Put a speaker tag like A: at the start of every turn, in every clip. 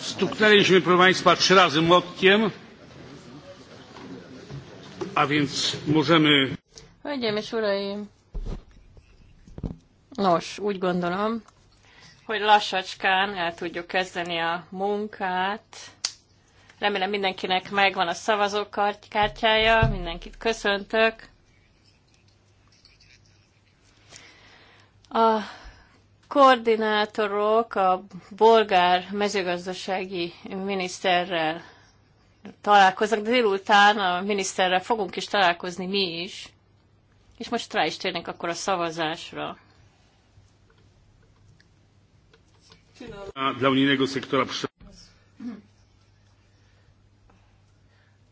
A: Stuknęliśmy, proszę Państwa, trzy razy młotkiem, a więc możemy...
B: Hölgyeim és uraim! Nos, úgy gondolom, hogy lassacskán el tudjuk kezdeni a munkát. Remélem mindenkinek megvan a szavazókártyája, mindenkit köszöntök. A koordinátorok a bolgár mezőgazdasági miniszterrel találkoznak, de délután a miniszterrel fogunk is találkozni mi is. És most rá is térnénk akkor a szavazásra.
A: Dla unijnego sektora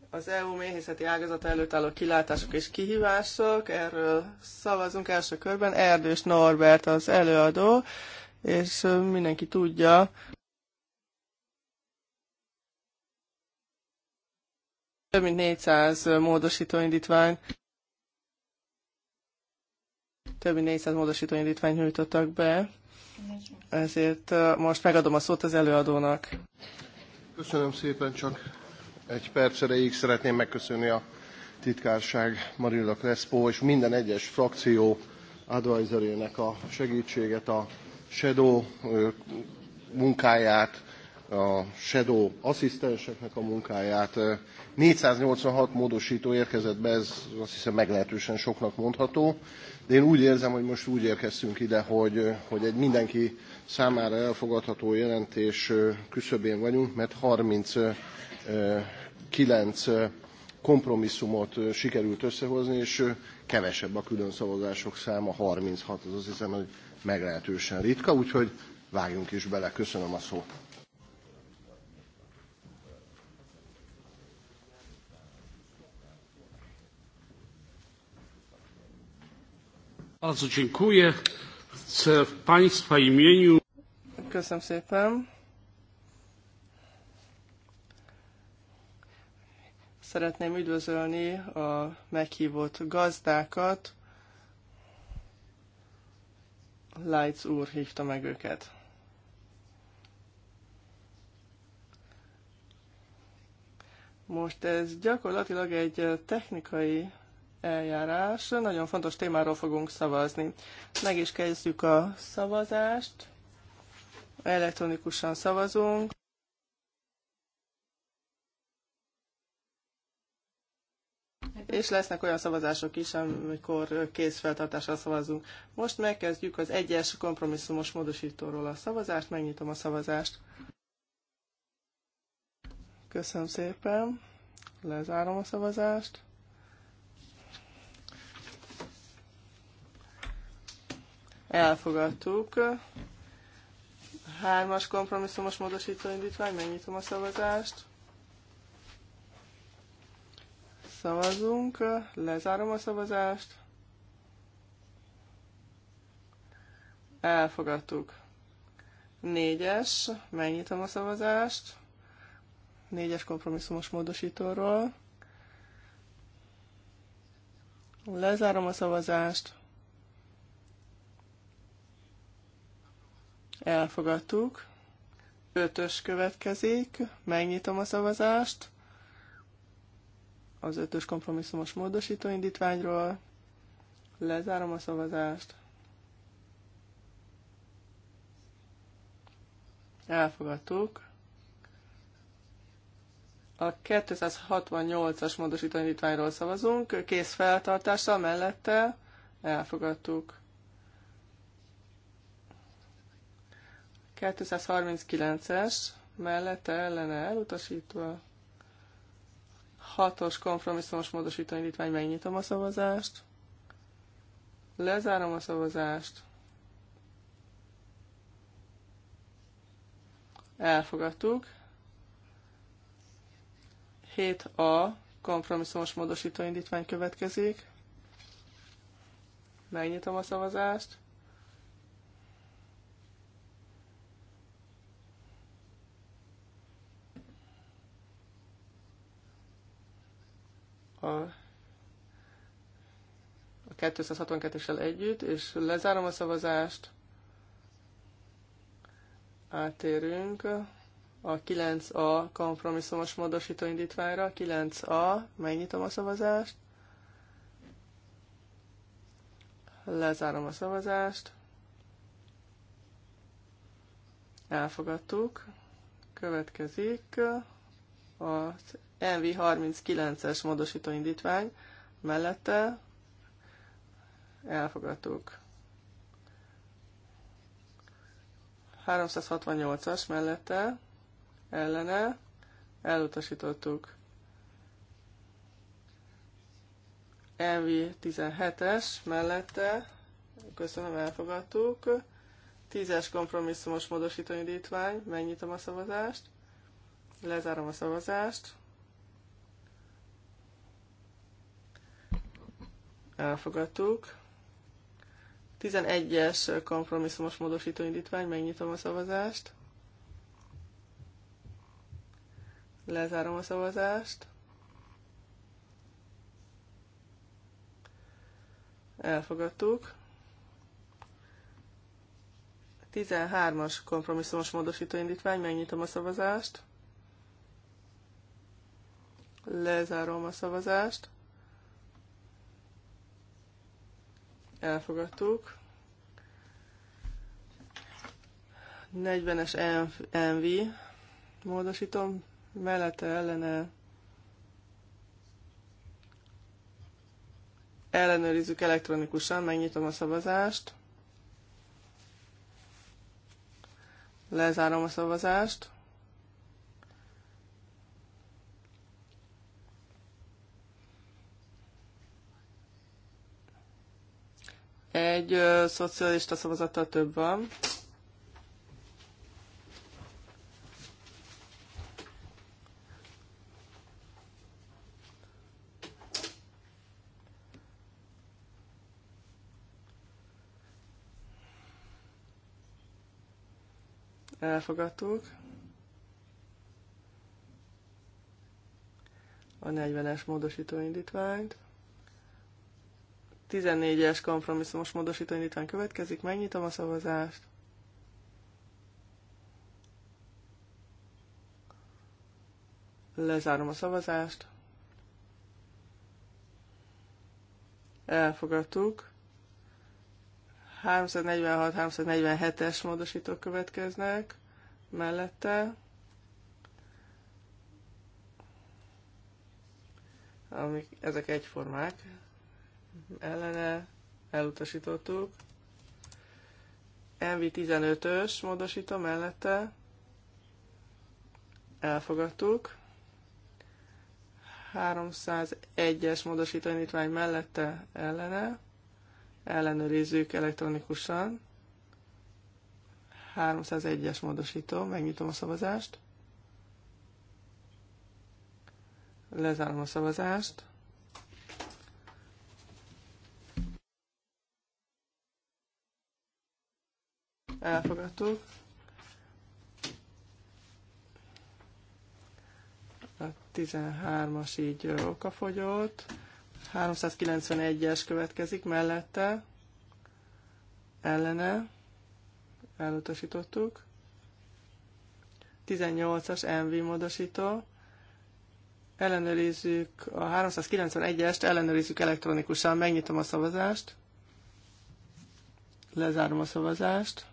C: az EU méhészeti ágazata előtt álló kilátások és kihívások. Erről szavazunk első körben. Erdős Norbert az előadó, és mindenki tudja, több mint 400 módosító indítvány több mint 400 módosító indítvány nyújtottak be, ezért most megadom a szót az előadónak. Köszönöm szépen, csak
D: egy perc erejéig szeretném megköszönni a titkárság Marilla Crespo és minden egyes frakció advisorének a segítséget, a shadow munkáját, a shadow asszisztenseknek a munkáját. 486 módosító érkezett be, ez azt hiszem meglehetősen soknak mondható, de én úgy érzem, hogy most úgy érkeztünk ide, hogy, hogy egy mindenki számára elfogadható jelentés küszöbén vagyunk, mert 30 kilenc kompromisszumot sikerült összehozni, és kevesebb a külön szavazások száma, 36, az azt hiszem, hogy meglehetősen ritka, úgyhogy vágjunk is bele. Köszönöm a szót.
A: Państwa Köszönöm szépen.
C: Szeretném üdvözölni a meghívott gazdákat. Lights úr hívta meg őket. Most ez gyakorlatilag egy technikai eljárás. Nagyon fontos témáról fogunk szavazni. Meg is kezdjük a szavazást elektronikusan szavazunk. és lesznek olyan szavazások is, amikor készfeltartásra szavazunk. Most megkezdjük az egyes kompromisszumos módosítóról a szavazást, megnyitom a szavazást. Köszönöm szépen, lezárom a szavazást. Elfogadtuk. Hármas kompromisszumos módosító indítvány, megnyitom a szavazást. Szavazunk, lezárom a szavazást. Elfogadtuk. Négyes, megnyitom a szavazást. Négyes kompromisszumos módosítóról. Lezárom a szavazást. Elfogadtuk. Ötös következik. Megnyitom a szavazást az ötös kompromisszumos módosító indítványról. Lezárom a szavazást. Elfogadtuk. A 268-as módosító indítványról szavazunk. Kész feltartással mellette elfogadtuk. 239-es mellette ellene elutasítva. 6-os kompromisszumos módosító indítvány, megnyitom a szavazást. Lezárom a szavazást. Elfogadtuk. 7A kompromisszumos módosító indítvány következik. Megnyitom a szavazást. a, a 262-essel együtt, és lezárom a szavazást. Átérünk a 9A kompromisszumos módosító indítványra. 9A, megnyitom a szavazást. Lezárom a szavazást. Elfogadtuk. Következik az NV39-es módosító indítvány mellette elfogadtuk. 368-as mellette ellene elutasítottuk. NV17-es mellette köszönöm, elfogadtuk. 10-es kompromisszumos módosító indítvány, megnyitom a szavazást, lezárom a szavazást, elfogadtuk. 11-es kompromisszumos módosító indítvány, megnyitom a szavazást. Lezárom a szavazást. Elfogadtuk. 13-as kompromisszumos módosító indítvány, megnyitom a szavazást. Lezárom a szavazást. elfogadtuk. 40-es MV, módosítom, mellette ellene ellenőrizzük elektronikusan, megnyitom a szavazást, lezárom a szavazást, Egy ö, szocialista szavazata több van. Elfogadtuk. A 40-es módosító indítványt. 14-es kompromisszumos módosító indítván következik, megnyitom a szavazást. Lezárom a szavazást. Elfogadtuk. 346-347-es módosítók következnek mellette. Amik, ezek egyformák ellene elutasítottuk. MV15-ös módosító mellette elfogadtuk. 301-es módosító indítvány mellette ellene ellenőrizzük elektronikusan. 301-es módosító, megnyitom a szavazást. Lezárom a szavazást. elfogadtuk. A 13-as így okafogyott. 391-es következik mellette, ellene, elutasítottuk. 18-as MV módosító. Ellenőrizzük a 391-est, ellenőrizzük elektronikusan, megnyitom a szavazást, lezárom a szavazást.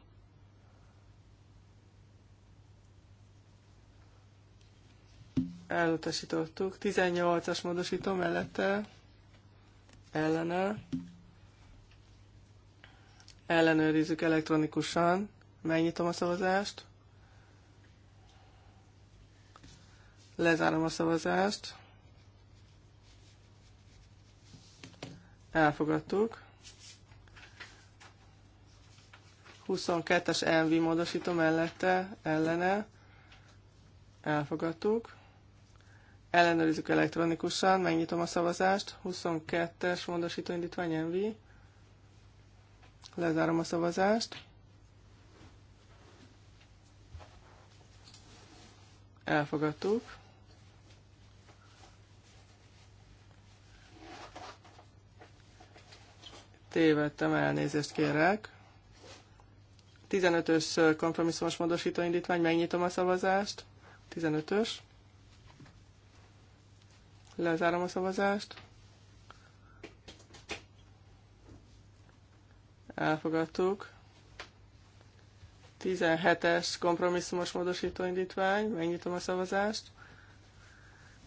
C: elutasítottuk. 18-as módosító mellette ellene ellenőrizzük elektronikusan. Megnyitom a szavazást. Lezárom a szavazást. Elfogadtuk. 22-es MV módosító mellette ellene elfogadtuk. Ellenőrizzük elektronikusan, megnyitom a szavazást. 22-es módosító indítvány Envi. Lezárom a szavazást. Elfogadtuk. Tévedtem, elnézést kérek. 15-ös kompromisszumos módosító indítvány, megnyitom a szavazást. 15-ös. Lezárom a szavazást. Elfogadtuk. 17-es kompromisszumos módosítóindítvány. indítvány. Megnyitom a szavazást.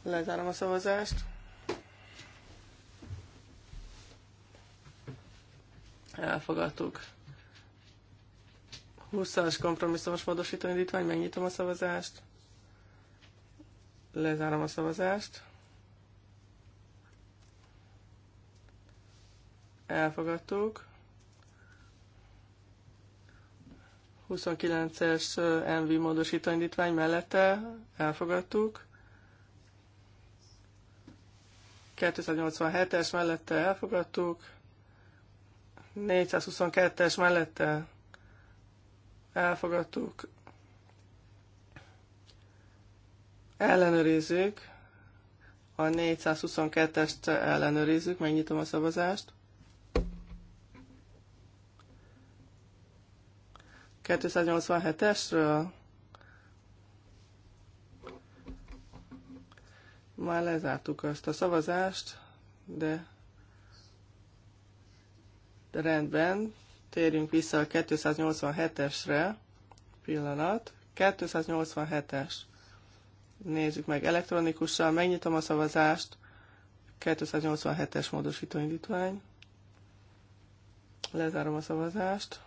C: Lezárom a szavazást. Elfogadtuk. 20-as kompromisszumos módosítóindítvány. indítvány. Megnyitom a szavazást. Lezárom a szavazást. elfogadtuk. 29-es MV módosító indítvány mellette elfogadtuk. 287-es mellette elfogadtuk. 422-es mellette elfogadtuk. Ellenőrizzük. A 422-est ellenőrizzük, megnyitom a szavazást. 287-esről? Már lezártuk azt a szavazást, de, de rendben, térjünk vissza a 287-esre. Pillanat. 287-es. Nézzük meg elektronikussal. megnyitom a szavazást. 287-es módosítóindítvány. Lezárom a szavazást.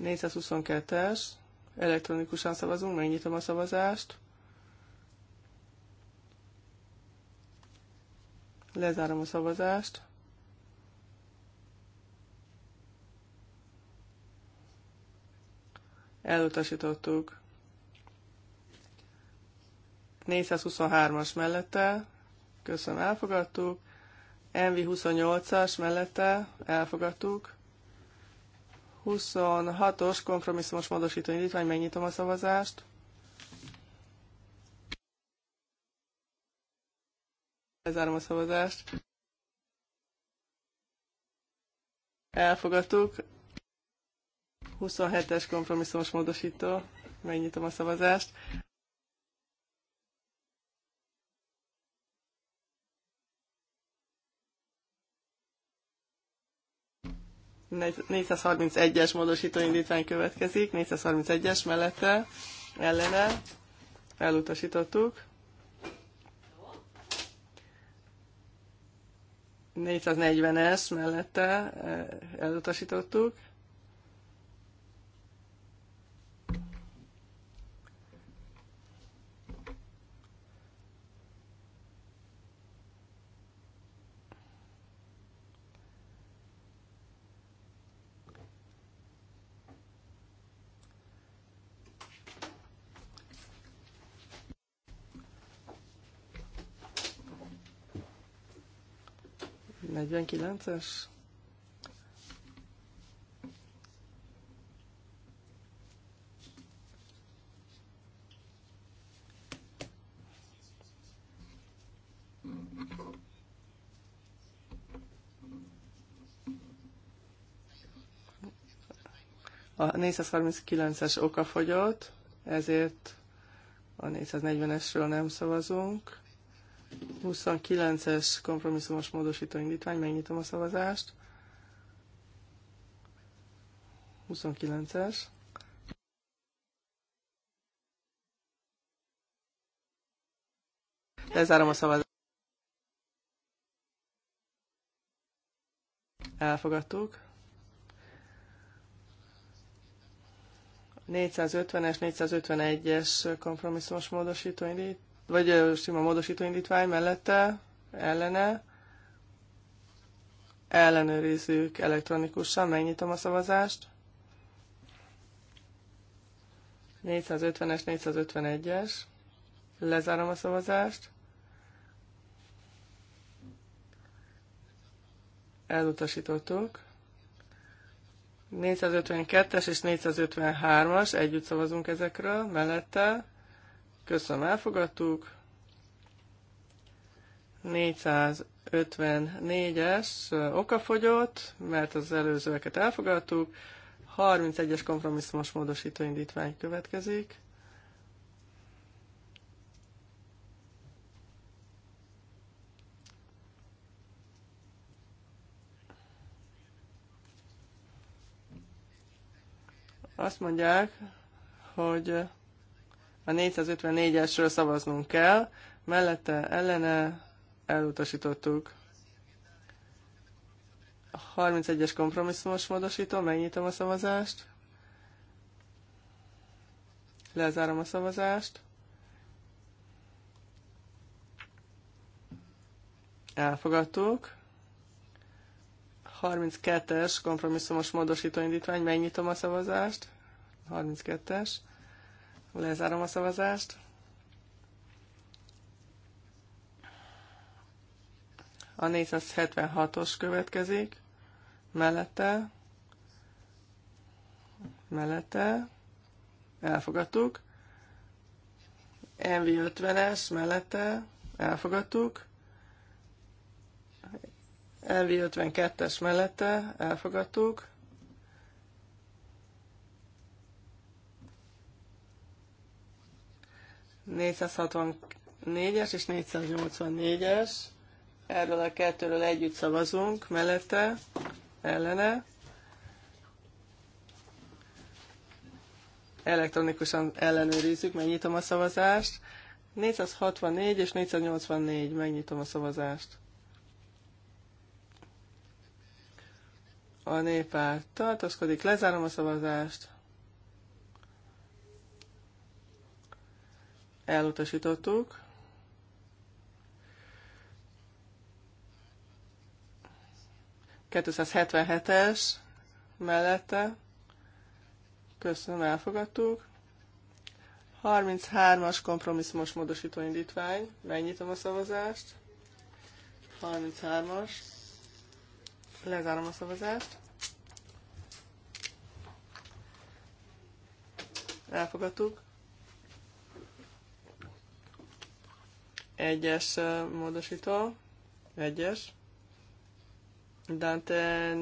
C: 422-es, elektronikusan szavazunk, megnyitom a szavazást. Lezárom a szavazást. Elutasítottuk. 423-as mellette, köszönöm, elfogadtuk. ENVI 28 as mellette elfogadtuk. 26-os kompromisszumos módosító indítvány, megnyitom a szavazást. Lezárom a szavazást. Elfogadtuk. 27-es kompromisszumos módosító. Megnyitom a szavazást. 431-es módosító indítvány következik, 431-es mellette, ellene, elutasítottuk. 440-es mellette eh, elutasítottuk. 49-es. A 439-es fogyott, ezért a 440-esről nem szavazunk. 29-es kompromisszumos módosító indítvány, megnyitom a szavazást. 29-es. Lezárom a szavazást. Elfogadtuk. 450-es, 451-es kompromisszumos módosító indít, vagy sima módosítóindítvány indítvány mellette, ellene, ellenőrizzük elektronikusan, megnyitom a szavazást. 450-es, 451-es, lezárom a szavazást. Elutasítottuk. 452-es és 453-as, együtt szavazunk ezekről, mellette, Köszönöm, elfogadtuk. 454-es okafogyott, mert az előzőeket elfogadtuk. 31-es kompromisszumos módosítóindítvány indítvány következik. Azt mondják, hogy a 454-esről szavaznunk kell, mellette ellene elutasítottuk. a 31-es kompromisszumos módosító, megnyitom a szavazást. Lezárom a szavazást. Elfogadtuk. 32-es kompromisszumos módosító indítvány, megnyitom a szavazást. 32-es. Lezárom a szavazást. A 476-os következik. Mellette. Mellette. Elfogadtuk. MV50-es mellette. Elfogadtuk. MV52-es mellette. Elfogadtuk. 464-es és 484-es. Erről a kettőről együtt szavazunk, mellette, ellene. Elektronikusan ellenőrizzük, megnyitom a szavazást. 464 és 484, megnyitom a szavazást. A néppárt tartozkodik, lezárom a szavazást. elutasítottuk. es mellette, köszönöm, elfogadtuk. 33-as kompromisszumos módosító indítvány, megnyitom a szavazást. 33-as, lezárom a szavazást. Elfogadtuk. Egyes módosító, egyes. Dante,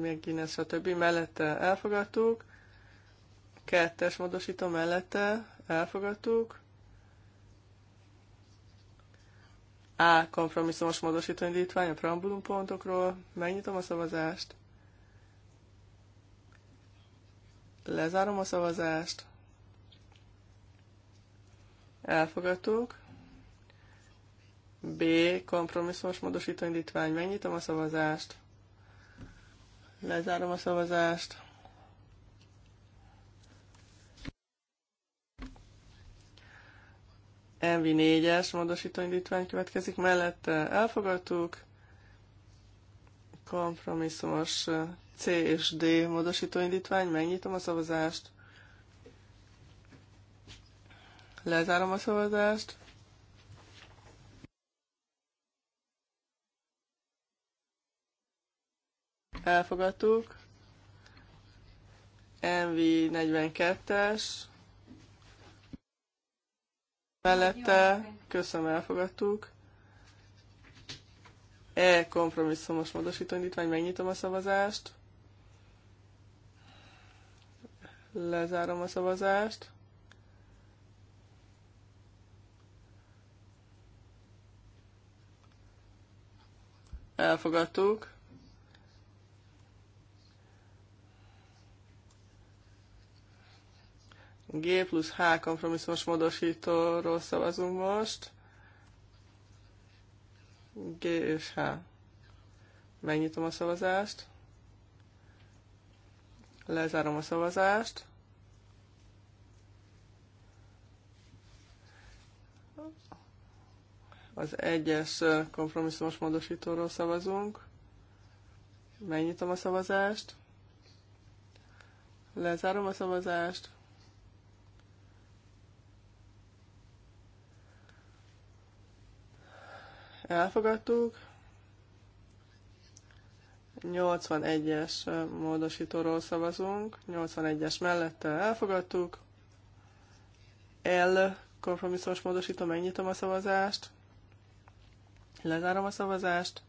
C: még a többi mellette elfogadtuk. Kettes módosító mellette elfogadtuk. A kompromisszumos módosító indítvány a preambulum pontokról. Megnyitom a szavazást. Lezárom a szavazást. Elfogadtuk. B. Kompromisszumos módosító indítvány. Megnyitom a szavazást. Lezárom a szavazást. MV4-es módosító indítvány következik. Mellette elfogadtuk. Kompromisszumos C és D módosító indítvány. Megnyitom a szavazást. Lezárom a szavazást. elfogadtuk. MV 42-es, mellette, köszönöm, elfogadtuk. E kompromisszumos módosító indítvány, megnyitom a szavazást. Lezárom a szavazást. Elfogadtuk. G plusz H kompromisszumos módosítóról szavazunk most. G és H. Megnyitom a szavazást. Lezárom a szavazást. Az egyes kompromisszumos módosítóról szavazunk. Megnyitom a szavazást. Lezárom a szavazást. elfogadtuk. 81-es módosítóról szavazunk, 81-es mellette elfogadtuk. L kompromisszós módosító, megnyitom a szavazást, lezárom a szavazást.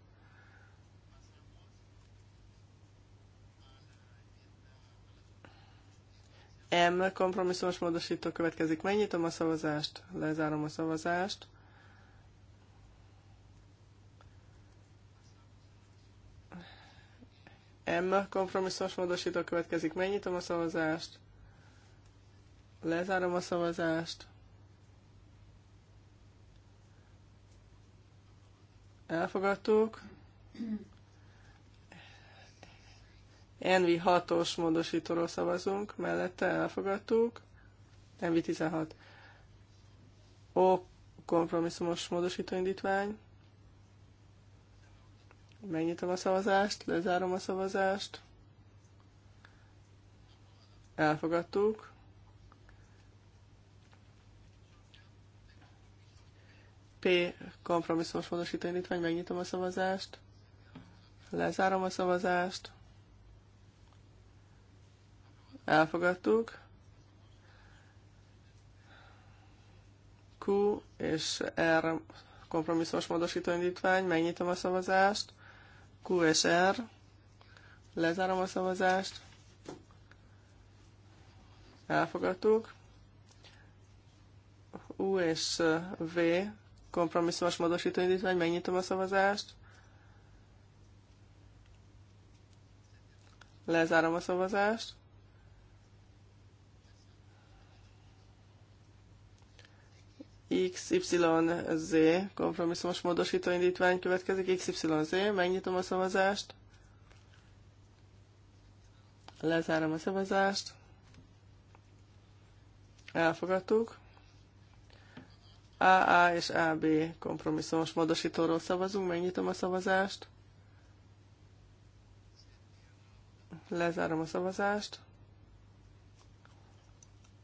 C: M kompromisszós módosító következik, megnyitom a szavazást, lezárom a szavazást. M kompromisszos módosító következik. Megnyitom a szavazást. Lezárom a szavazást. Elfogadtuk. NV6-os módosítóról szavazunk, mellette elfogadtuk. NV16. O kompromisszumos módosító indítvány. Megnyitom a szavazást, lezárom a szavazást. Elfogadtuk. P kompromisszumos módosító megnyitom a szavazást. Lezárom a szavazást. Elfogadtuk. Q és R kompromisszumos módosító indítvány, megnyitom a szavazást. QSR. Lezárom a szavazást. Elfogadtuk. U és V kompromisszumos módosító indítvány, megnyitom a szavazást. Lezárom a szavazást. XYZ kompromisszumos módosító indítvány következik. XYZ, megnyitom a szavazást. Lezárom a szavazást. Elfogadtuk. AA és AB kompromisszumos módosítóról szavazunk. Megnyitom a szavazást. Lezárom a szavazást.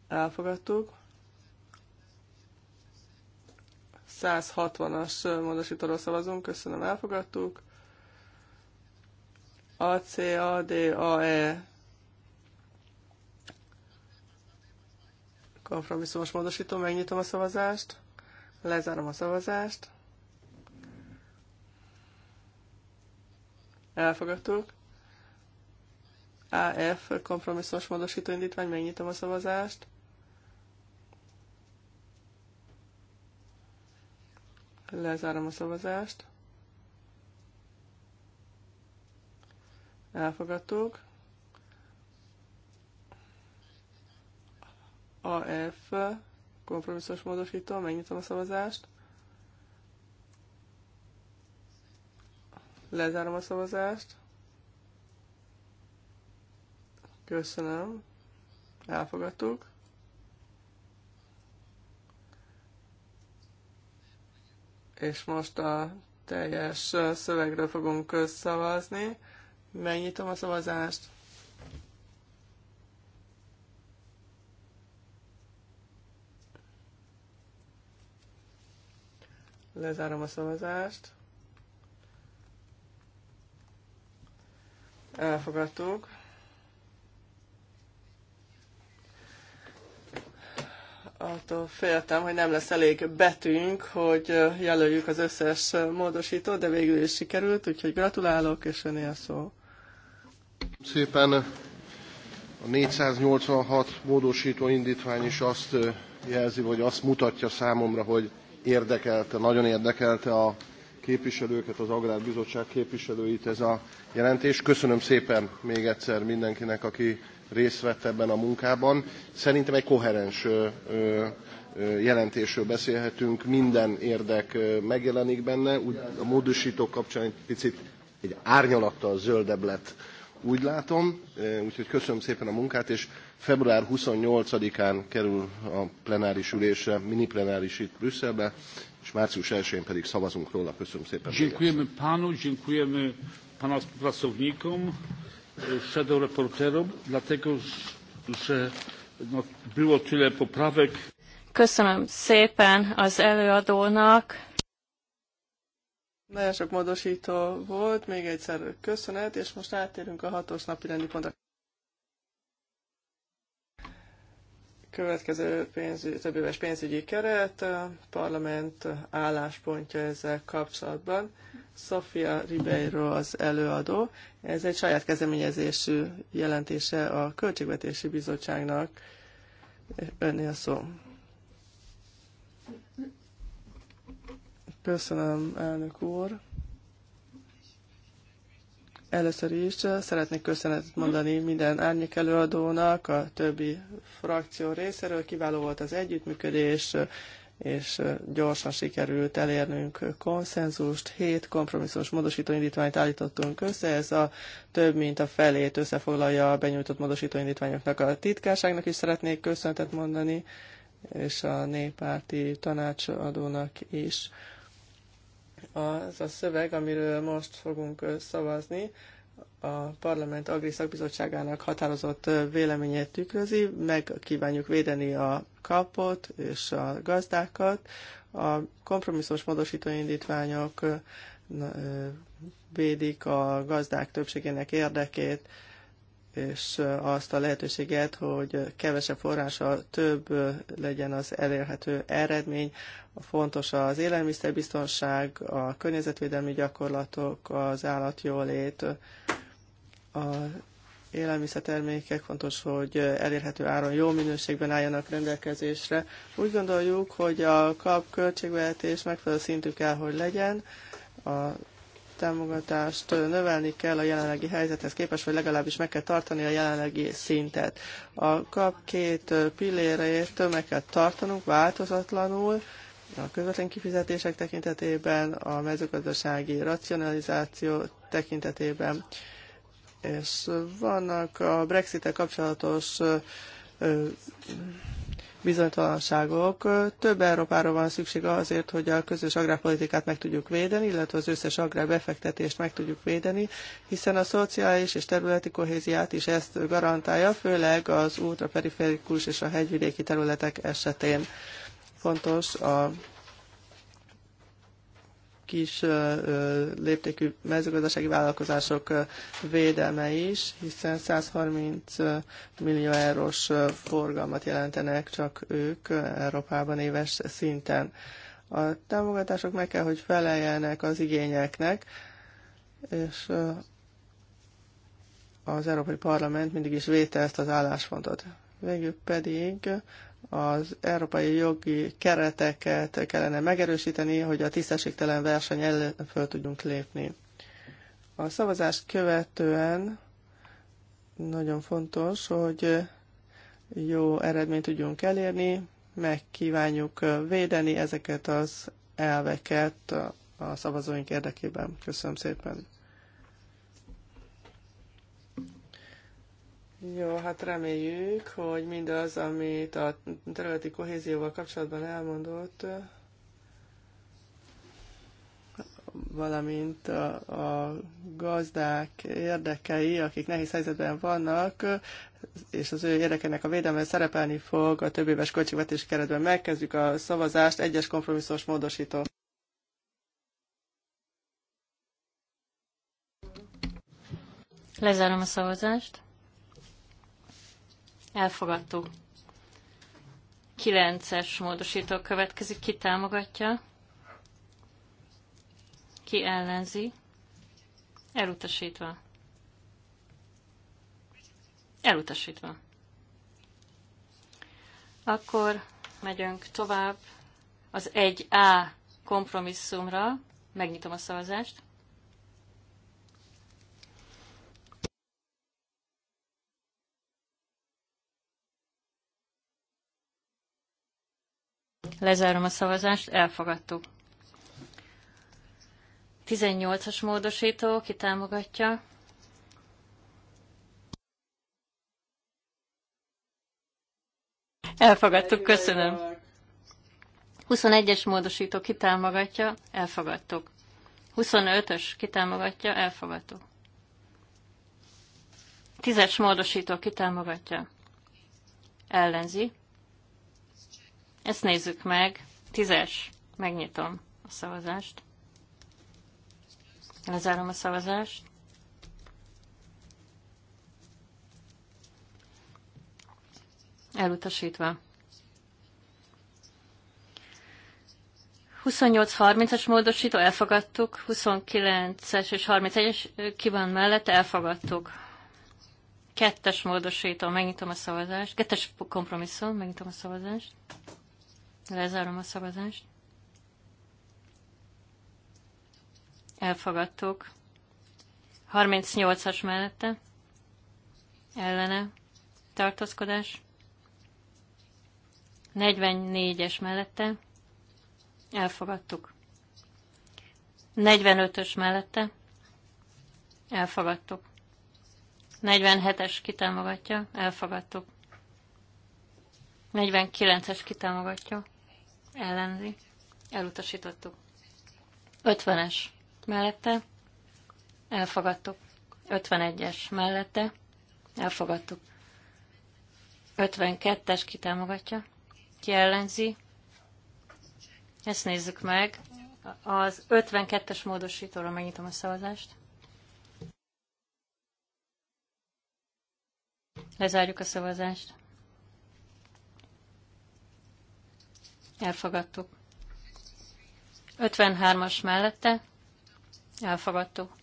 C: Elfogadtuk. 160-as módosítóról szavazunk, köszönöm, elfogadtuk. A, C, A, D, A, E kompromisszumos módosító, megnyitom a szavazást, lezárom a szavazást. Elfogadtuk. AF kompromisszumos módosító indítvány, megnyitom a szavazást. Lezárom a szavazást. Elfogadtuk. AF kompromisszos módosító, megnyitom a szavazást. Lezárom a szavazást. Köszönöm. Elfogadtuk. és most a teljes szövegről fogunk szavazni. Megnyitom a szavazást. Lezárom a szavazást. Elfogadtuk. attól féltem, hogy nem lesz elég betűnk, hogy jelöljük az összes módosítót, de végül is sikerült, úgyhogy gratulálok, és öné a szó.
D: Szépen a 486 módosító indítvány is azt jelzi, vagy azt mutatja számomra, hogy érdekelte, nagyon érdekelte a képviselőket, az Agrárbizottság képviselőit ez a jelentés. Köszönöm szépen még egyszer mindenkinek, aki részt vett ebben a munkában. Szerintem egy koherens jelentésről beszélhetünk, minden érdek megjelenik benne, úgy a módosítók kapcsán egy picit egy árnyalattal zöldebb lett, úgy látom, úgyhogy köszönöm szépen a munkát, és február 28-án kerül a plenáris ülésre, mini plenáris itt Brüsszelbe, és március 1-én pedig szavazunk róla. Köszönöm szépen. Dziękujemy
A: panu, E,
B: Köszönöm szépen az előadónak.
C: Nagyon sok módosító volt, még egyszer köszönet, és most áttérünk a hatos napi rendi pontra. következő pénzügy, több éves pénzügyi keret, parlament álláspontja ezzel kapcsolatban. Sofia Ribeiro az előadó. Ez egy saját kezdeményezésű jelentése a Költségvetési Bizottságnak. Önnél szó. Köszönöm, elnök úr. Először is szeretnék köszönetet mondani minden árnyék előadónak, a többi frakció részéről. Kiváló volt az együttműködés, és gyorsan sikerült elérnünk konszenzust. Hét kompromisszós módosítóindítványt állítottunk össze, ez a több mint a felét összefoglalja a benyújtott módosítóindítványoknak a titkárságnak is szeretnék köszönetet mondani, és a néppárti tanácsadónak is az a szöveg, amiről most fogunk szavazni, a Parlament Agri Szakbizottságának határozott véleményét tükrözi, meg kívánjuk védeni a kapot és a gazdákat. A kompromisszós módosító indítványok védik a gazdák többségének érdekét, és azt a lehetőséget, hogy kevesebb forrása több legyen az elérhető eredmény. Fontos az élelmiszerbiztonság, a környezetvédelmi gyakorlatok, az állatjólét, a élelmiszertermékek, fontos, hogy elérhető áron jó minőségben álljanak rendelkezésre. Úgy gondoljuk, hogy a kap költségvetés megfelelő szintű kell, hogy legyen, a támogatást növelni kell a jelenlegi helyzethez képest, vagy legalábbis meg kell tartani a jelenlegi szintet. A kap két pillérét meg kell tartanunk változatlanul, a közvetlen kifizetések tekintetében, a mezőgazdasági racionalizáció tekintetében, és vannak a brexit kapcsolatos bizonytalanságok. Több Európára van szükség azért, hogy a közös agrárpolitikát meg tudjuk védeni, illetve az összes agrárbefektetést meg tudjuk védeni, hiszen a szociális és területi kohéziát is ezt garantálja, főleg az ultraperiferikus és a hegyvidéki területek esetén. Fontos a kis léptékű mezőgazdasági vállalkozások védelme is, hiszen 130 millió eurós forgalmat jelentenek csak ők Európában éves szinten. A támogatások meg kell, hogy feleljenek az igényeknek, és az Európai Parlament mindig is védte ezt az álláspontot. Végül pedig az európai jogi kereteket kellene megerősíteni, hogy a tisztességtelen verseny ellen föl tudjunk lépni. A szavazást követően nagyon fontos, hogy jó eredményt tudjunk elérni, megkívánjuk védeni ezeket az elveket a szavazóink érdekében. Köszönöm szépen! Jó, hát reméljük, hogy mindaz, amit a területi kohézióval kapcsolatban elmondott, valamint a, a gazdák érdekei, akik nehéz helyzetben vannak, és az ő érdekének a védelme szerepelni fog a több éves költségvetési keretben. Megkezdjük a szavazást, egyes kompromisszós módosító.
B: Lezárom a szavazást. Elfogadtuk. Kilences módosító következik. Ki támogatja? Ki ellenzi? Elutasítva. Elutasítva. Akkor megyünk tovább az 1A kompromisszumra. Megnyitom a szavazást. Lezárom a szavazást, elfogadtuk. 18-as módosító, ki támogatja?
D: Elfogadtuk, köszönöm.
B: 21-es módosító kitámogatja, elfogadtuk. 25-ös kitámogatja, elfogadtuk. 10-es módosító kitámogatja, ellenzi, ezt nézzük meg. Tízes. Megnyitom a szavazást. Lezárom a szavazást. Elutasítva. 28-30-as módosító elfogadtuk, 29-es és 31-es ki van mellett, elfogadtuk. Kettes módosító, megnyitom a szavazást. Kettes kompromisszum, megnyitom a szavazást. Lezárom a szavazást. Elfogadtuk. 38-as mellette. Ellene. Tartózkodás. 44-es mellette. Elfogadtuk. 45-ös mellette. Elfogadtuk. 47-es kitámogatja. Elfogadtuk. 49-es kitámogatja ellenzi, elutasítottuk. 50-es mellette, elfogadtuk. 51-es mellette, elfogadtuk. 52-es kitámogatja, ki ellenzi. Ezt nézzük meg. Az 52-es módosítóra megnyitom a szavazást. Lezárjuk a szavazást. Elfogadtuk. 53-as mellette. Elfogadtuk.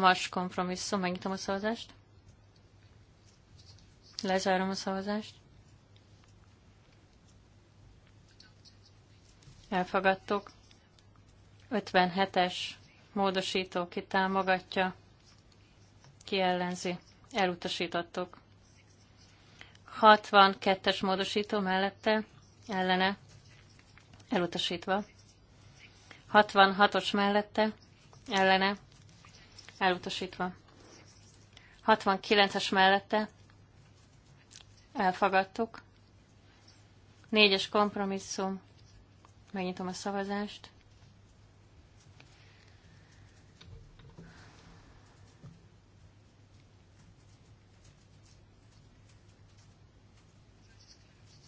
B: as kompromisszum. Megnyitom a szavazást. Lezárom a szavazást. Elfogadtuk. 57-es módosító ki támogatja, ki ellenzi. Elutasítottuk. 62-es módosító mellette ellene elutasítva. 66-os mellette ellene elutasítva. 69-es mellette elfogadtuk. 4-es kompromisszum. Megnyitom a szavazást.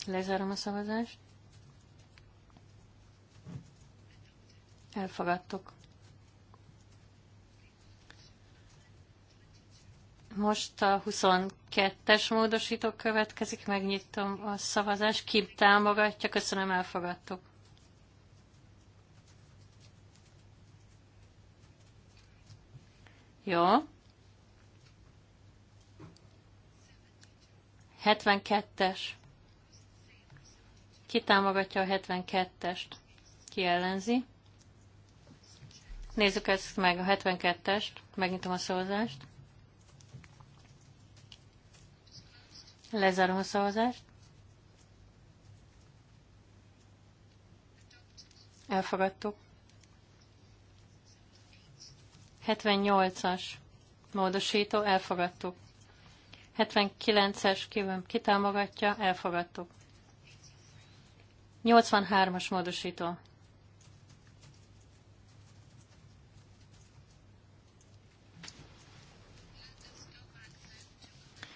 B: Lezárom a szavazást. Elfogadtok. Most a 22-es módosító következik, megnyitom a szavazást. Ki támogatja? Köszönöm, elfogadtok. Jó. 72-es. Ki támogatja a 72-est? Ki ellenzi? Nézzük ezt meg, a 72-est. Megnyitom a szavazást. Lezárom a szavazást. Elfogadtuk. 78-as módosító, elfogadtuk. 79-es kívül kitámogatja, elfogadtuk. 83-as módosító.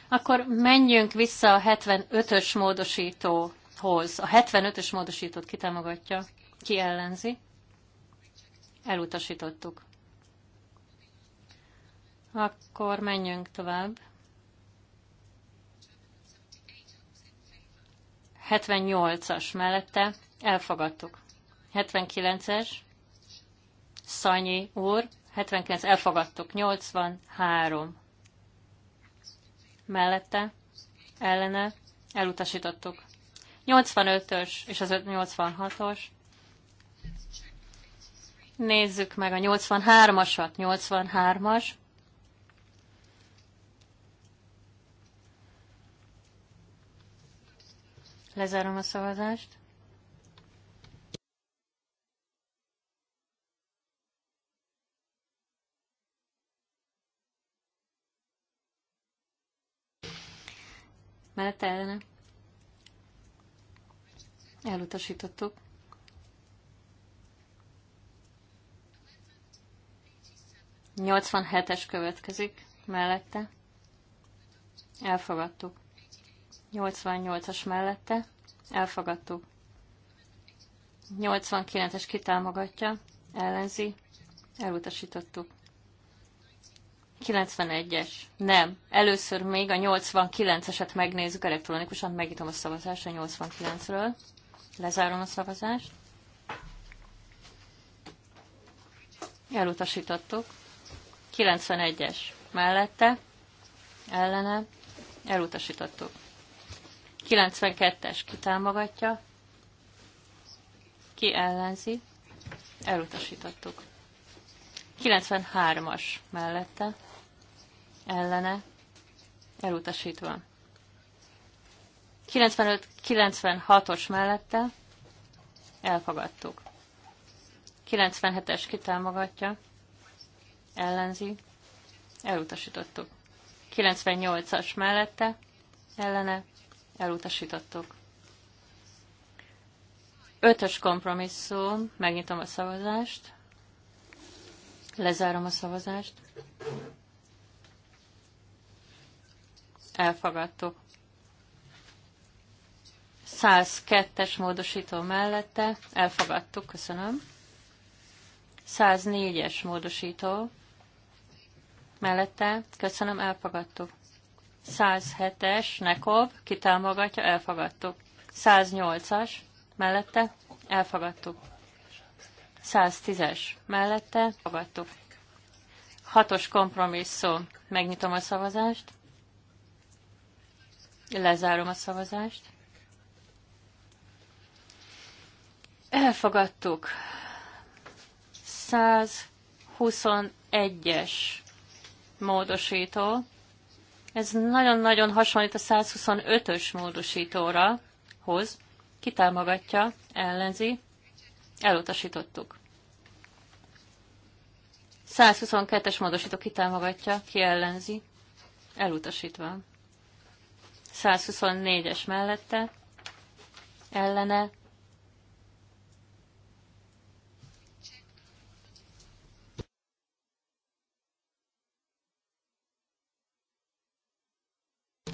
B: Akkor menjünk vissza a 75-ös módosítóhoz. A 75-ös módosítót kitámogatja, ki ellenzi. Elutasítottuk. Akkor menjünk tovább. 78-as mellette elfogadtuk. 79-es, Szanyi úr, 79 elfogadtuk, 83 mellette, ellene, elutasítottuk. 85-ös és az 86-os. Nézzük meg a 83-asat, 83-as Lezárom a szavazást. Mellette ellene. Elutasítottuk. 87-es következik mellette. Elfogadtuk. 88-as mellette elfogadtuk. 89-es kitámogatja, ellenzi, elutasítottuk. 91-es. Nem. Először még a 89-eset megnézzük elektronikusan, megítom a szavazást a 89-ről. Lezárom a szavazást. Elutasítottuk. 91-es. Mellette, ellene, elutasítottuk. 92-es kitámogatja, ki ellenzi, elutasítottuk. 93-as mellette, ellene, elutasítva. 95-96-os mellette elfogadtuk. 97-es kitámogatja, ellenzi, elutasítottuk. 98-as mellette ellene elutasítottuk. Ötös kompromisszum, megnyitom a szavazást, lezárom a szavazást, elfogadtuk. 102-es módosító mellette, elfogadtuk, köszönöm. 104-es módosító mellette, köszönöm, elfogadtuk. 107-es Nekov kitámogatja, elfogadtuk. 108-as mellette elfogadtuk. 110-es mellette elfogadtuk. 6-os kompromisszum. Megnyitom a szavazást. Lezárom a szavazást. Elfogadtuk. 121-es módosító ez nagyon-nagyon hasonlít a 125-ös módosítórahoz. hoz, kitámogatja, ellenzi, elutasítottuk. 122-es módosító kitámogatja, kiellenzi, elutasítva. 124-es mellette, ellene,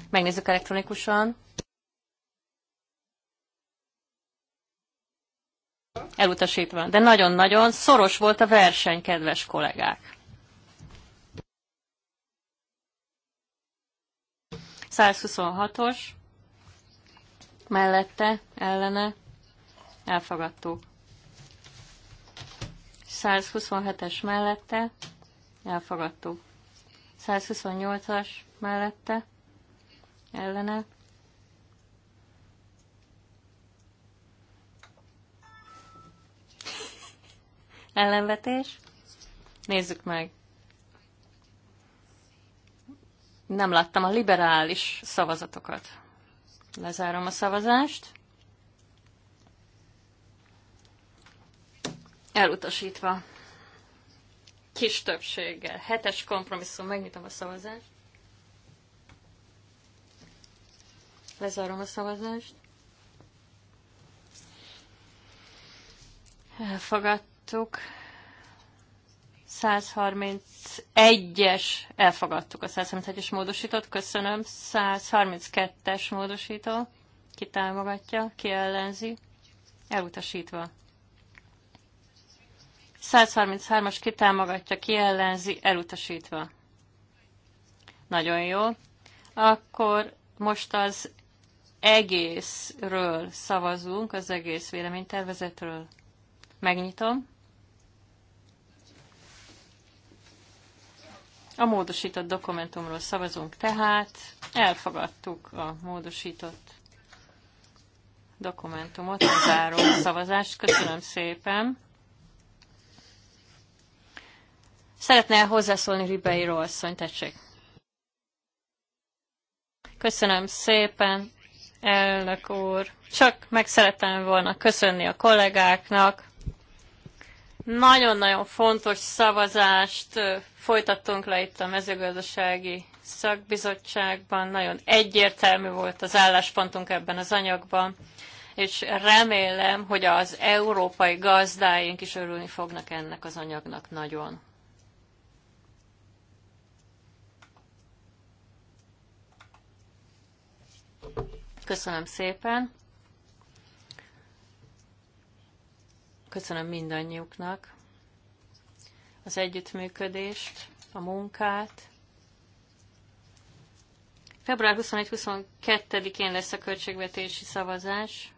B: Megnézzük elektronikusan. Elutasítva. De nagyon-nagyon szoros volt a verseny, kedves kollégák. 126-os. Mellette, ellene. Elfogadtuk. 127-es mellette. Elfogadtuk. 128-as mellette ellene. Ellenvetés. Nézzük meg. Nem láttam a liberális szavazatokat. Lezárom a szavazást. Elutasítva. Kis többséggel. Hetes kompromisszum. Megnyitom a szavazást. Lezárom a szavazást. Elfogadtuk. 131-es, elfogadtuk a 131-es módosítót, köszönöm. 132-es módosító, ki támogatja, ki ellenzi, elutasítva. 133-as ki támogatja, ki ellenzi, elutasítva. Nagyon jó. Akkor most az egészről szavazunk, az egész véleménytervezetről. Megnyitom. A módosított dokumentumról szavazunk tehát. Elfogadtuk a módosított dokumentumot, a záró szavazást. Köszönöm szépen. Szeretne hozzászólni Ribeiro asszony, tetszik. Köszönöm szépen elnök úr. Csak meg szerettem volna köszönni a kollégáknak. Nagyon-nagyon fontos szavazást folytattunk le itt a mezőgazdasági szakbizottságban. Nagyon egyértelmű volt az álláspontunk ebben az anyagban, és remélem, hogy az európai gazdáink is örülni fognak ennek az anyagnak nagyon. Köszönöm szépen. Köszönöm mindannyiuknak az együttműködést, a munkát. Február 21-22-én lesz a költségvetési szavazás.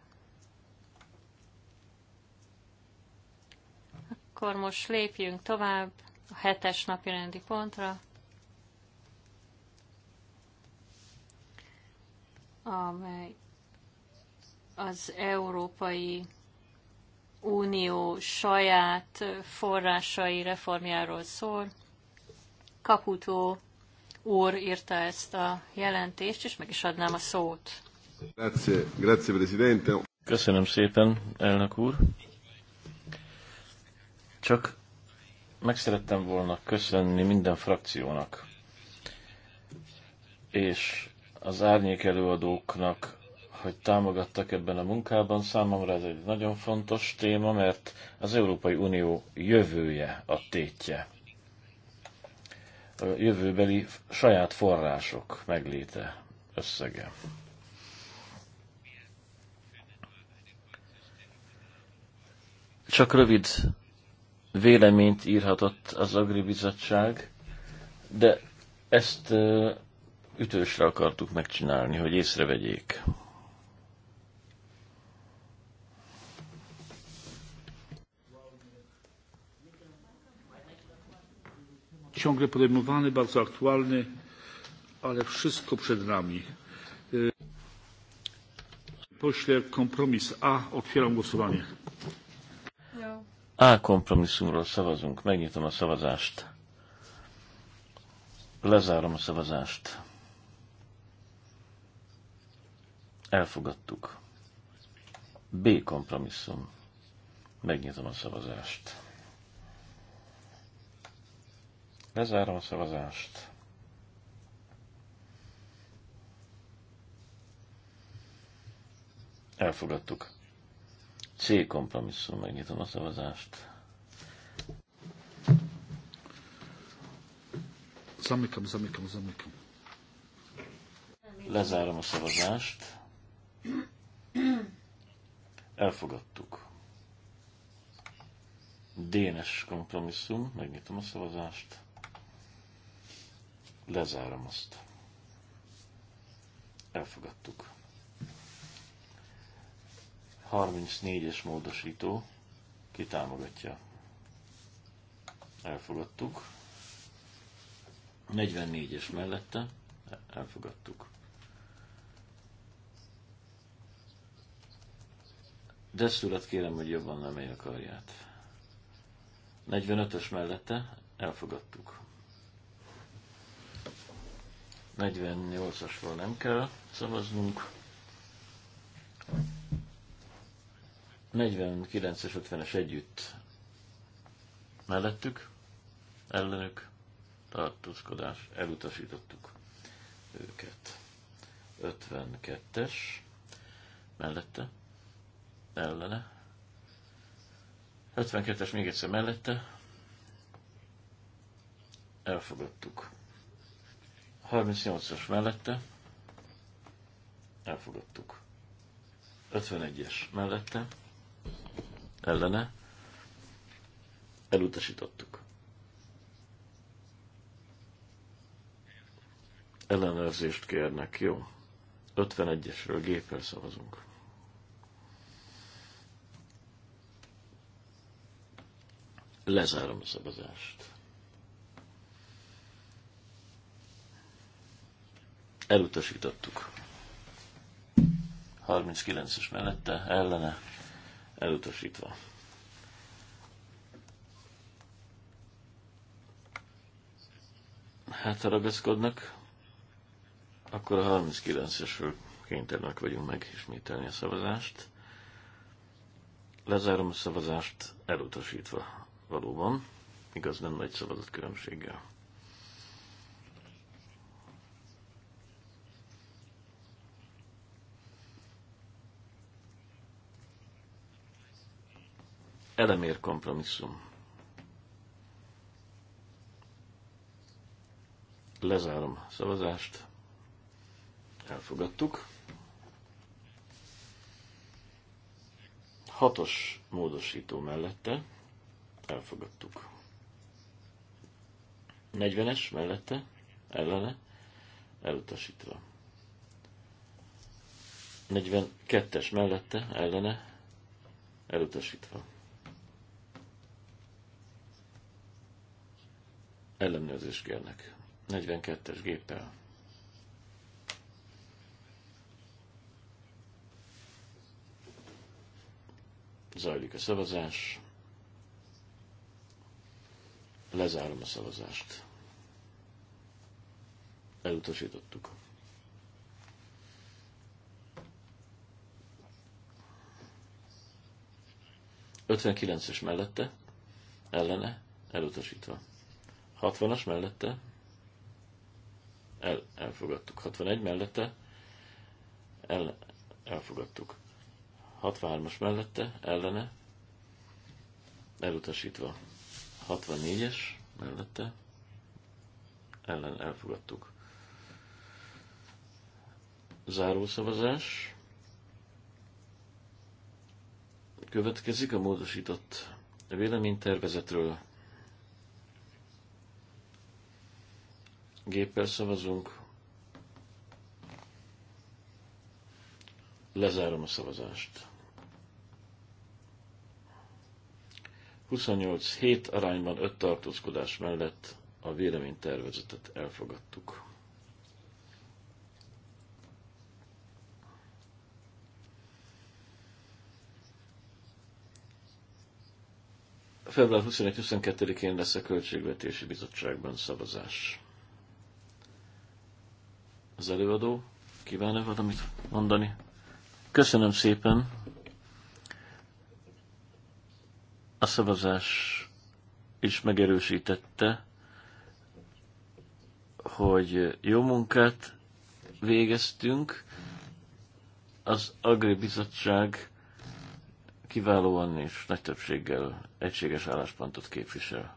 B: Akkor most lépjünk tovább a hetes napi rendi pontra. amely az Európai Unió saját forrásai reformjáról szól. Kaputó úr írta ezt a jelentést, és meg is adnám a szót.
E: Grazie, grazie Presidente. Köszönöm szépen, elnök úr. Csak meg szerettem volna köszönni minden frakciónak, és az árnyék előadóknak, hogy támogattak ebben a munkában. Számomra ez egy nagyon fontos téma, mert az Európai Unió jövője a tétje. A jövőbeli saját források megléte összege. Csak rövid véleményt írhatott az Agribizottság, de ezt ütősre akartuk megcsinálni, hogy észrevegyék.
A: ciągle podejmowany, bardzo aktualny, ale wszystko przed nami. Pośle kompromis A. Otwieram głosowanie.
E: A kompromisszumról szavazunk. Megnyitom a szavazást. Lezárom a szavazást. Elfogadtuk. B kompromisszum. Megnyitom a szavazást. Lezárom a szavazást. Elfogadtuk. C kompromisszum, megnyitom a szavazást. Zamikam, zamikam, zamikam. Lezárom a szavazást. Elfogadtuk. Dénes kompromisszum, megnyitom a szavazást, lezárom azt. Elfogadtuk. 34-es módosító kitámogatja. Elfogadtuk. 44-es mellette elfogadtuk. Desszurat kérem, hogy jobban emelje a karját. 45-ös mellette elfogadtuk. 48-asról nem kell szavaznunk. 49-es, 50-es együtt mellettük, ellenük tartózkodás, elutasítottuk őket. 52-es mellette ellene. 52-es még egyszer mellette. Elfogadtuk. 38-as mellette. Elfogadtuk. 51-es mellette. Ellene. Elutasítottuk. Ellenőrzést kérnek, jó? 51-esről géppel szavazunk. Lezárom a szavazást. Elutasítottuk. 39-es mellette, ellene, elutasítva. Hát, ha ragaszkodnak, akkor a 39-esről kénytelenek vagyunk megismételni a szavazást. Lezárom a szavazást elutasítva valóban, igaz nem nagy szavazat különbséggel. Elemér kompromisszum. Lezárom a szavazást. Elfogadtuk. Hatos módosító mellette elfogadtuk. 40-es mellette, ellene, elutasítva. 42-es mellette, ellene, elutasítva. Ellenőrzést kérnek. 42-es géppel. Zajlik a szavazás. Lezárom a szavazást. Elutasítottuk. Ötvenkilences mellette, ellene, elutasítva. 60-as mellette, el, elfogadtuk. 61 mellette, el, elfogadtuk. 63-as mellette, ellene, elutasítva. 64-es mellette ellen elfogadtuk. Zárószavazás. Következik a módosított véleménytervezetről. Géppel szavazunk. Lezárom a szavazást. 28-7 arányban 5 tartózkodás mellett a véleménytervezetet elfogadtuk. Február 21-22-én lesz a Költségvetési Bizottságban szavazás. Az előadó kíván-e valamit mondani? Köszönöm szépen! a szavazás is megerősítette, hogy jó munkát végeztünk, az Agri Bizottság kiválóan és nagy többséggel egységes álláspontot képvisel.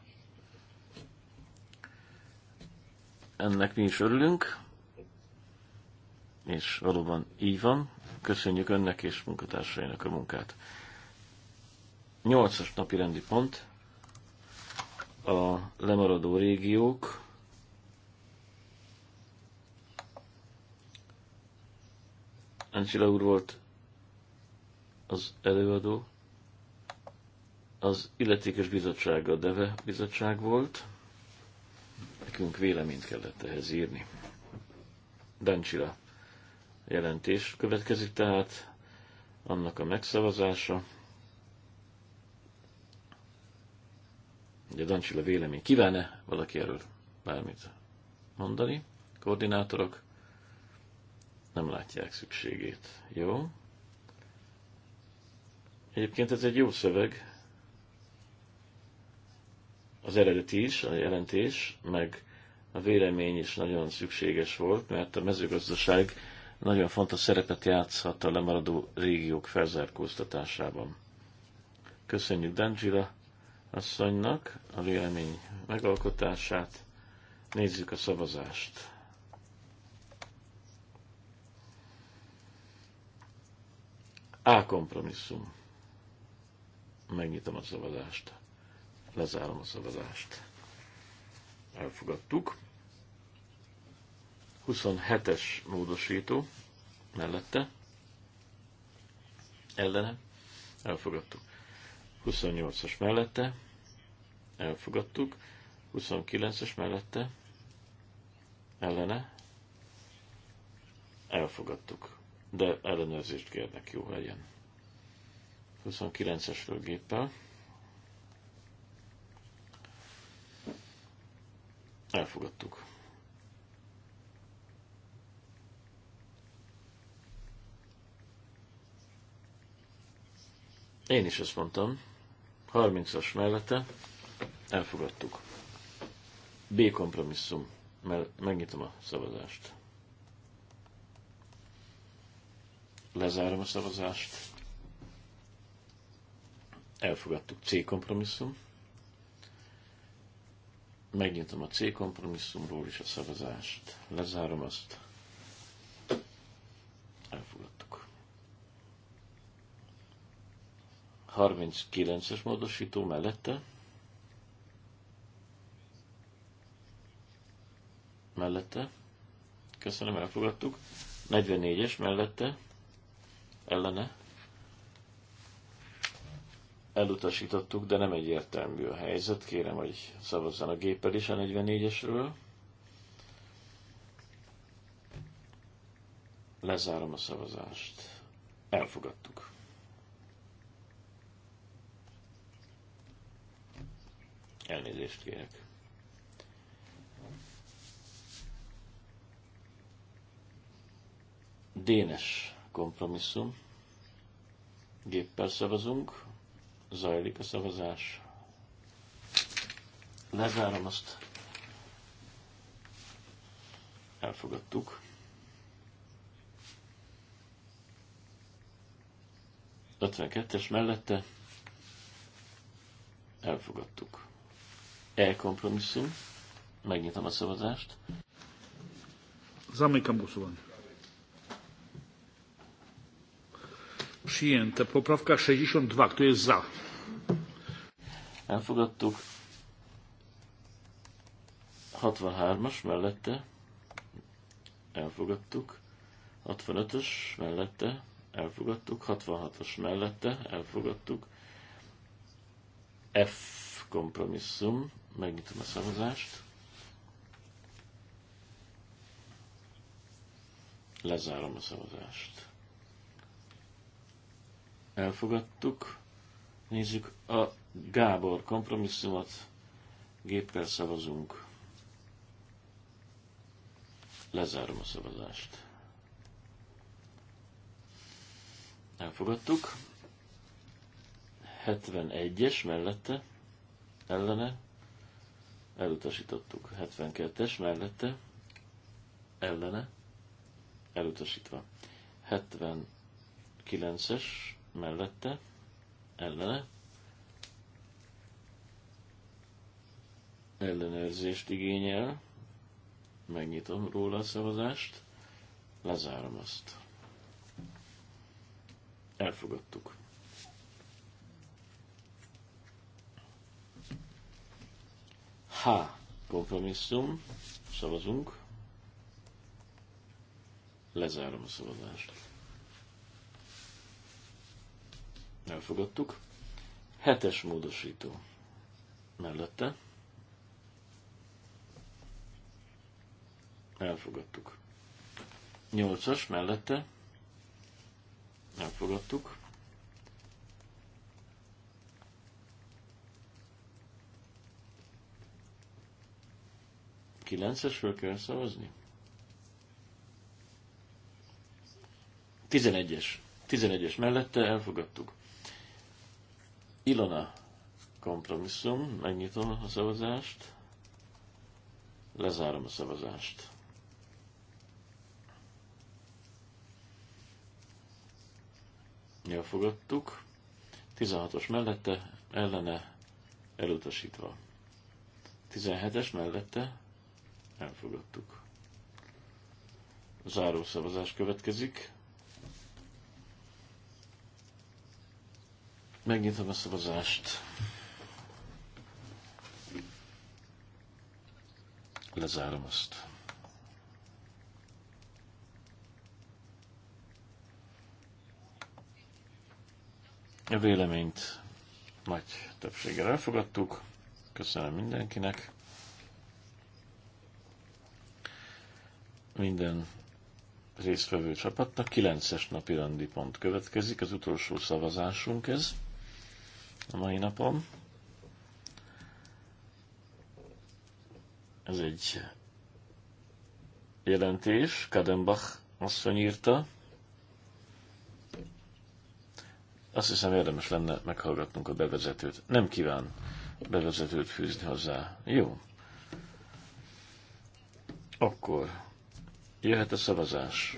E: Ennek mi is örülünk, és valóban így van. Köszönjük önnek és munkatársainak a munkát. Nyolcas napi rendi pont a lemaradó régiók, Ancsila úr volt az előadó, az illetékes bizottság a DEVE bizottság volt, nekünk véleményt kellett ehhez írni. Dancsila jelentés következik tehát, annak a megszavazása, Ugye Dancsila vélemény. Kívánne valaki erről bármit mondani? Koordinátorok nem látják szükségét. Jó? Egyébként ez egy jó szöveg. Az eredeti is, a jelentés, meg a vélemény is nagyon szükséges volt, mert a mezőgazdaság nagyon fontos szerepet játszhat a lemaradó régiók felzárkóztatásában. Köszönjük, Dancsila! asszonynak a vélemény megalkotását. Nézzük a szavazást. A kompromisszum. Megnyitom a szavazást. Lezárom a szavazást. Elfogadtuk. 27-es módosító mellette. Ellene. Elfogadtuk. 28-as mellette, elfogadtuk, 29 as mellette, ellene, elfogadtuk. De ellenőrzést kérnek, jó legyen. 29 es géppel. Elfogadtuk. Én is ezt mondtam. 30-as mellette elfogadtuk. B kompromisszum. Megnyitom a szavazást. Lezárom a szavazást. Elfogadtuk C kompromisszum. Megnyitom a C kompromisszumról is a szavazást. Lezárom azt. Elfogadtuk. 39-es módosító mellette. Mellette. Köszönöm, elfogadtuk. 44-es mellette. Ellene. Elutasítottuk, de nem egyértelmű a helyzet. Kérem, hogy szavazzon a géppel is a 44-esről. Lezárom a szavazást. Elfogadtuk. Elnézést kérek. Dénes kompromisszum. Géppel szavazunk. Zajlik a szavazás. Lezárom azt. Elfogadtuk. kettes mellette elfogadtuk. E-kompromisszum. Megnyitom a
A: szavazást. Zamykam głosowanie. Przyjęte. Poprawka 62. Kto jest za? Elfogadtuk.
E: 63-as mellette. Elfogadtuk. 65-ös mellette. Elfogadtuk. 66-os mellette. Elfogadtuk. F kompromisszum Megnyitom a szavazást. Lezárom a szavazást. Elfogadtuk. Nézzük a Gábor kompromisszumot. Géppel szavazunk. Lezárom a szavazást. Elfogadtuk. 71-es mellette, ellene, elutasítottuk. 72-es mellette, ellene, elutasítva. 79-es mellette, ellene, ellenőrzést igényel, megnyitom róla a szavazást, lezárom azt. Elfogadtuk. H kompromisszum. Szavazunk. Lezárom a szavazást. Elfogadtuk. Hetes módosító. Mellette. Elfogadtuk. Nyolcas mellette. Elfogadtuk. Kilencesről kell szavazni? Tizenegyes, tizenegyes mellette elfogadtuk. Ilona kompromisszum, megnyitom a szavazást, lezárom a szavazást. Elfogadtuk. 16-os mellette, ellene elutasítva. 17-es mellette, Elfogadtuk. Záró szavazás következik. Megnyitom a szavazást. Lezárom azt. A véleményt nagy többséggel elfogadtuk. Köszönöm mindenkinek. minden résztvevő csapatnak. kilences napi rendi pont következik, az utolsó szavazásunk ez a mai napon. Ez egy jelentés, Kadenbach asszony írta. Azt hiszem érdemes lenne meghallgatnunk a bevezetőt. Nem kíván bevezetőt fűzni hozzá. Jó. Akkor Jöhet a szavazás.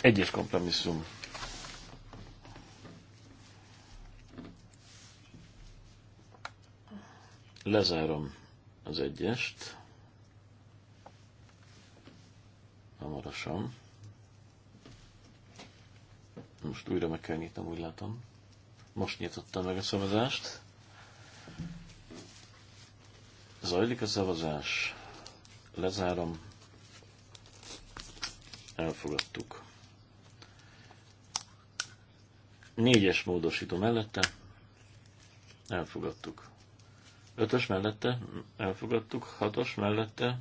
E: Egyes kompromisszum. Lezárom az egyest. Hamarosan. Most újra meg kell nyitnom, úgy látom. Most nyitottam meg a szavazást. Zajlik a szavazás. Lezárom elfogadtuk. Négyes módosító mellette elfogadtuk. Ötös mellette elfogadtuk, hatos mellette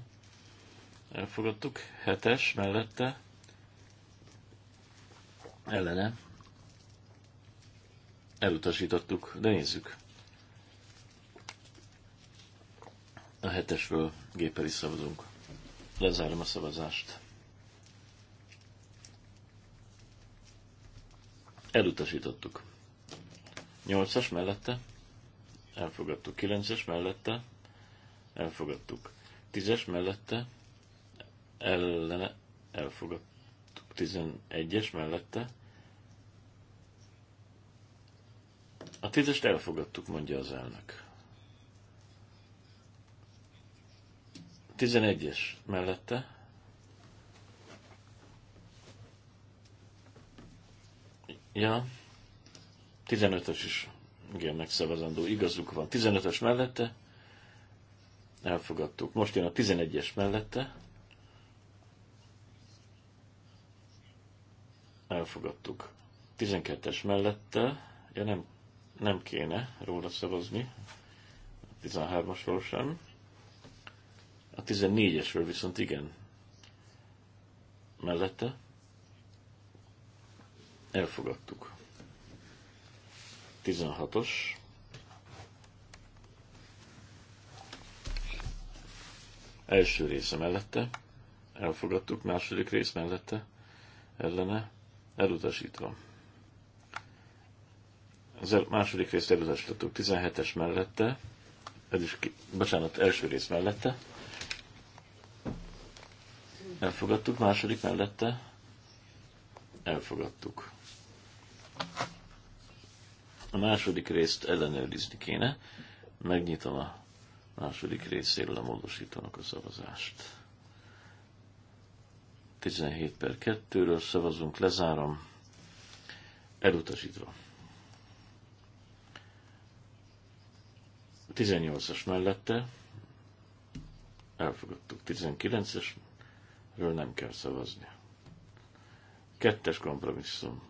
E: elfogadtuk, hetes mellette ellene elutasítottuk, de nézzük. A hetesről géppel szavazunk. Lezárom a szavazást. Elutasítottuk. 8-as mellette. Elfogadtuk. 9-es mellette. Elfogadtuk. 10-es mellette. Ellene. Elfogadtuk. 11-es mellette. A tízest elfogadtuk, mondja az elnök. 11-es mellette Ja, 15-ös is, igen, megszavazandó, igazuk van. 15-ös mellette, elfogadtuk. Most jön a 11-es mellette, elfogadtuk. 12-es mellette, ja nem, nem kéne róla szavazni, a 13-asról sem. A 14-esről viszont igen. Mellette Elfogadtuk. 16-os. Első része mellette. Elfogadtuk. Második rész mellette. Ellene. Elutasítva. Az el, második részt elutasítottuk. 17-es mellette. Ez is, ki, bocsánat, első rész mellette. Elfogadtuk. Második mellette. Elfogadtuk. A második részt ellenőrizni kéne. Megnyitom a második részéről a módosítónak a szavazást. 17 per 2-ről szavazunk, lezárom. Elutasítva. 18-as mellette elfogadtuk. 19-esről nem kell szavazni. Kettes kompromisszum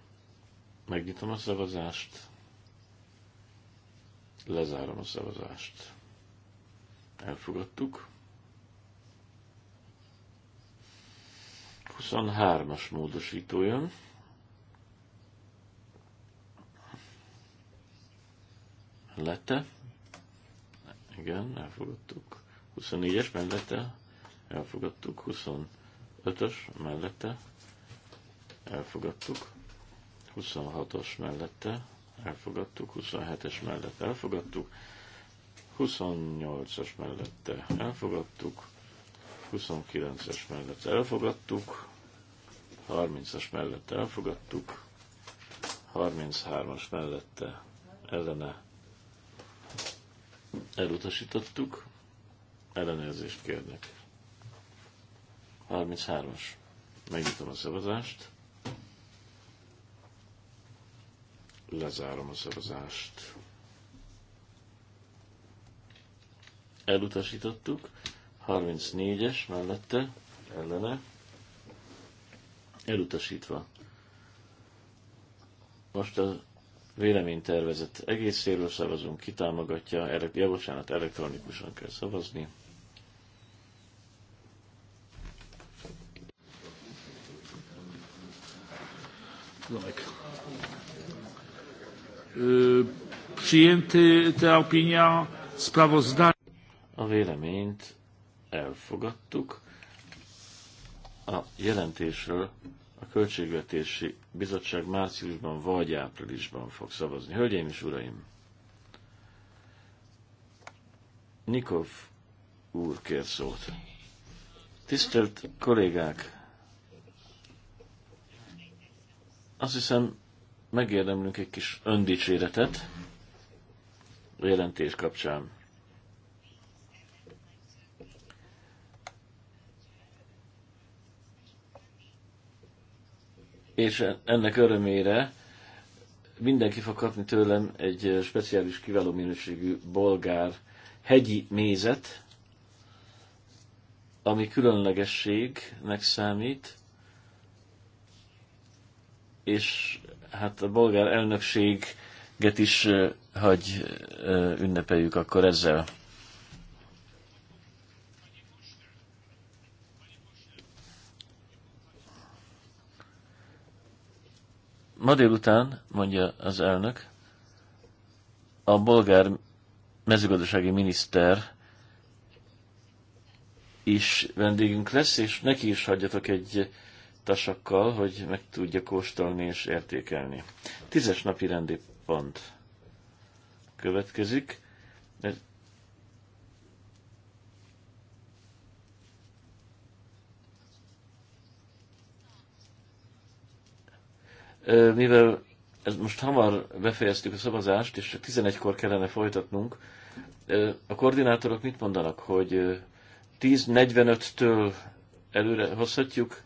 E: Megnyitom a szavazást. Lezárom a szavazást. Elfogadtuk. 23-as módosító jön. Lette. Igen, elfogadtuk. 24-es mellette. Elfogadtuk. 25-ös mellette. Elfogadtuk. 26-os mellette elfogadtuk, 27-es mellett elfogadtuk, 28-as mellette elfogadtuk, 29-es mellett elfogadtuk, 30-as mellett elfogadtuk, 33-as mellette ellene elutasítottuk, ellenőrzést kérnek. 33-as. Megnyitom a szavazást. Lezárom a szavazást. Elutasítottuk. 34-es mellette, ellene. Elutasítva. Most a véleménytervezet egészéről szavazunk, kitámogatja, javaslánat elektronikusan kell szavazni.
A: Like. Przyjęty te opinia, sprawozdanie. A véleményt
E: elfogadtuk. A jelentésről a Költségvetési Bizottság márciusban vagy áprilisban fog szavazni. Hölgyeim és uraim! Nikov úr kér szót. Tisztelt kollégák! Azt hiszem, megérdemlünk egy kis öndicséretet a jelentés kapcsán. És ennek örömére mindenki fog kapni tőlem egy speciális kiváló minőségű bolgár hegyi mézet, ami különlegességnek számít, és hát a bolgár elnökséget is hagy ünnepeljük akkor ezzel. Ma délután, mondja az elnök, a bolgár mezőgazdasági miniszter is vendégünk lesz, és neki is hagyjatok egy tasakkal, hogy meg tudja kóstolni és értékelni. Tízes napi rendi pont következik. Mivel ez most hamar befejeztük a szavazást, és csak 11-kor kellene folytatnunk, a koordinátorok mit mondanak, hogy 10.45-től előre hozhatjuk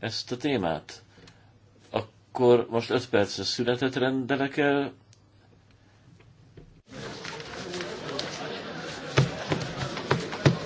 E: ezt a témát. Akkor most 5 percre szünetet rendelek el,